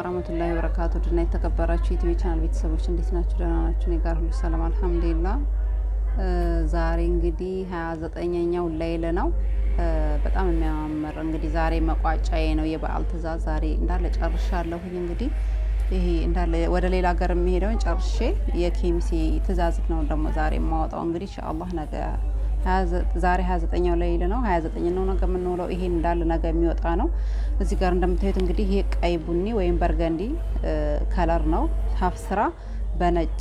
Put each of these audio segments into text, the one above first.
ወራህመቱላሂ ወበረካቱ ድና የተከበራችሁ የኢትዮ ቻናል ቤተሰቦች እንዴት ናችሁ? ደህና ናችሁ? እኔ ጋር ሁሉ ሰላም አልሐምዱሊላ። ዛሬ እንግዲህ ሀያ ዘጠኛኛው ላይል ነው። በጣም የሚያማምር እንግዲህ ዛሬ መቋጫዬ ነው የበዓል ትእዛዝ ዛሬ እንዳለ ጨርሻለሁኝ። እንግዲህ ይሄ እንዳለ ወደ ሌላ ሀገር የሚሄደውን ጨርሼ የኬሚሴ ትእዛዝ ነው ደግሞ ዛሬ የማወጣው እንግዲህ ኢንሻአላህ ነገ ዛሬ 29ኛው ላይ ነው 29 ነው ነገ የምንውለው። ይሄን እንዳለ ነገ የሚወጣ ነው። እዚህ ጋር እንደምታዩት እንግዲህ ይሄ ቀይ ቡኒ ወይም በርገንዲ ከለር ነው። ሀፍ ስራ በነጭ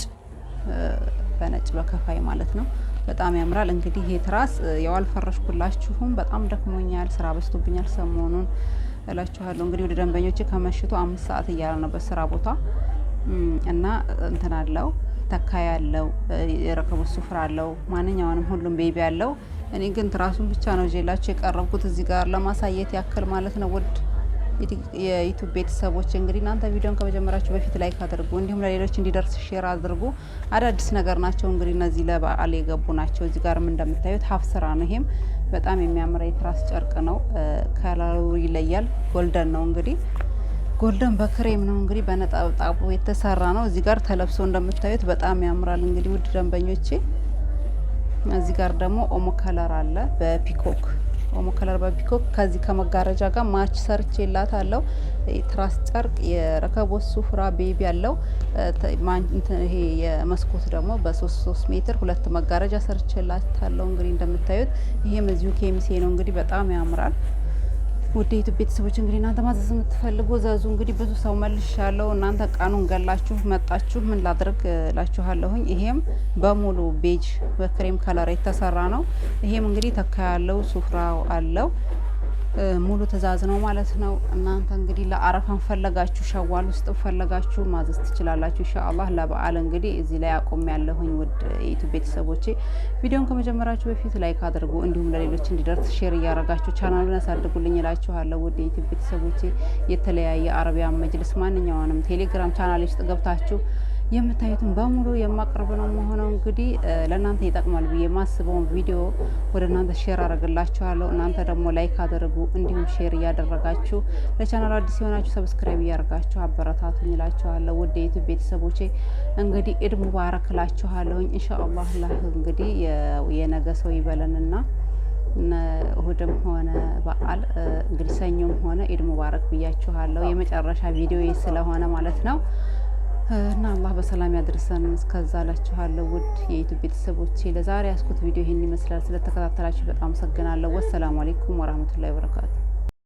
በነጭ በከፋይ ማለት ነው። በጣም ያምራል። እንግዲህ ይሄ ትራስ ያው አልፈረሽኩላችሁም። በጣም ደክሞኛል፣ ስራ በዝቶብኛል ሰሞኑን እላችኋለሁ። እንግዲህ ወደ ደንበኞቼ ከምሽቱ አምስት ሰዓት እያለ ነው በስራ ቦታ እና እንትን አለው ተካ ያለው የረከቦት ስፍራ አለው። ማንኛውንም ሁሉም ቤቢ ያለው። እኔ ግን ትራሱን ብቻ ነው ዤላችሁ የቀረብኩት እዚህ ጋር ለማሳየት ያክል ማለት ነው። ውድ የዩቱብ ቤተሰቦች እንግዲህ እናንተ ቪዲዮን ከመጀመራችሁ በፊት ላይክ አድርጉ፣ እንዲሁም ለሌሎች እንዲደርስ ሼር አድርጉ። አዳዲስ ነገር ናቸው እንግዲህ እነዚህ ለበዓል የገቡ ናቸው። እዚህ ጋርም እንደምታዩት ሀፍ ስራ ነው። ይሄም በጣም የሚያምር የትራስ ጨርቅ ነው። ከለሩ ይለያል። ጎልደን ነው እንግዲህ ጎልደን በክሬም ነው እንግዲህ በነጠብጣቡ የተሰራ ነው። እዚህ ጋር ተለብሶ እንደምታዩት በጣም ያምራል። እንግዲህ ውድ ደንበኞቼ እዚህ ጋር ደግሞ ኦሞ ከለር አለ በፒኮክ ኦሞ ከለር በፒኮክ ከዚህ ከመጋረጃ ጋር ማች ሰርች ላት አለው ትራስ ጨርቅ የረከቦት ሱፍራ ቤቢ ያለው ይሄ የመስኮት ደግሞ በሶስት ሶስት ሜትር ሁለት መጋረጃ ሰርች ላት አለው። እንግዲህ እንደምታዩት ይሄም እዚሁ ኬሚሴ ነው። እንግዲህ በጣም ያምራል። ውድ የዩቱብ ቤተሰቦች እንግዲህ እናንተ ማዘዝ የምትፈልጉ ዘዙ። እንግዲህ ብዙ ሰው መልሻለሁ። እናንተ ቃኑን ገላችሁ መጣችሁ ምን ላድርግ ላችኋለሁኝ። ይሄም በሙሉ ቤጅ በክሬም ከለር የተሰራ ነው። ይሄም እንግዲህ ተካ ያለው ሱፍራው አለው ሙሉ ትዕዛዝ ነው ማለት ነው። እናንተ እንግዲህ ለአረፋን ፈለጋችሁ ሸዋል ውስጥ ፈለጋችሁ ማዘዝ ትችላላችሁ። ኢንሻአላህ ለበዓል እንግዲህ እዚህ ላይ አቆም ያለሁኝ። ውድ የዩቱብ ቤተሰቦቼ ቪዲዮን ከመጀመራችሁ በፊት ላይክ አድርጉ፣ እንዲሁም ለሌሎች እንዲደርስ ሼር እያረጋችሁ ቻናሉን ያሳድጉልኝ እላችኋለሁ። ውድ የዩቱብ ቤተሰቦቼ የተለያየ አረቢያን መጅልስ ማንኛውንም ቴሌግራም ቻናል ውስጥ ገብታችሁ የምታዩትን በሙሉ የማቀርብ ነው መሆነው። እንግዲህ ለእናንተ ይጠቅማል ብዬ የማስበውን ቪዲዮ ወደ እናንተ ሼር አደርግላችኋለሁ። እናንተ ደግሞ ላይክ አድርጉ፣ እንዲሁም ሼር እያደረጋችሁ ለቻናል አዲስ የሆናችሁ ሰብስክራይብ እያደርጋችሁ አበረታቱኝ እላችኋለሁ። ውድ የዩቱብ ቤተሰቦቼ እንግዲህ ኢድ ሙባረክ እላችኋለሁኝ። ኢንሻአላህ ላህ እንግዲህ የነገ ሰው ይበለንና እሁድም ሆነ በዓል እንግዲህ ሰኞም ሆነ ኢድ ሙባረክ ብያችኋለሁ። የመጨረሻ ቪዲዮ ስለሆነ ማለት ነው። እና አላህ በሰላም ያድርሰን። እስከዛ ላችኋለሁ ውድ የዩቱብ ቤተሰቦቼ ለዛሬ ያስኩት ቪዲዮ ይህን ይመስላል። ስለተከታተላችሁ በጣም አመሰግናለሁ። ወሰላሙ አሌይኩም ወራህመቱላሂ ወበረካቱ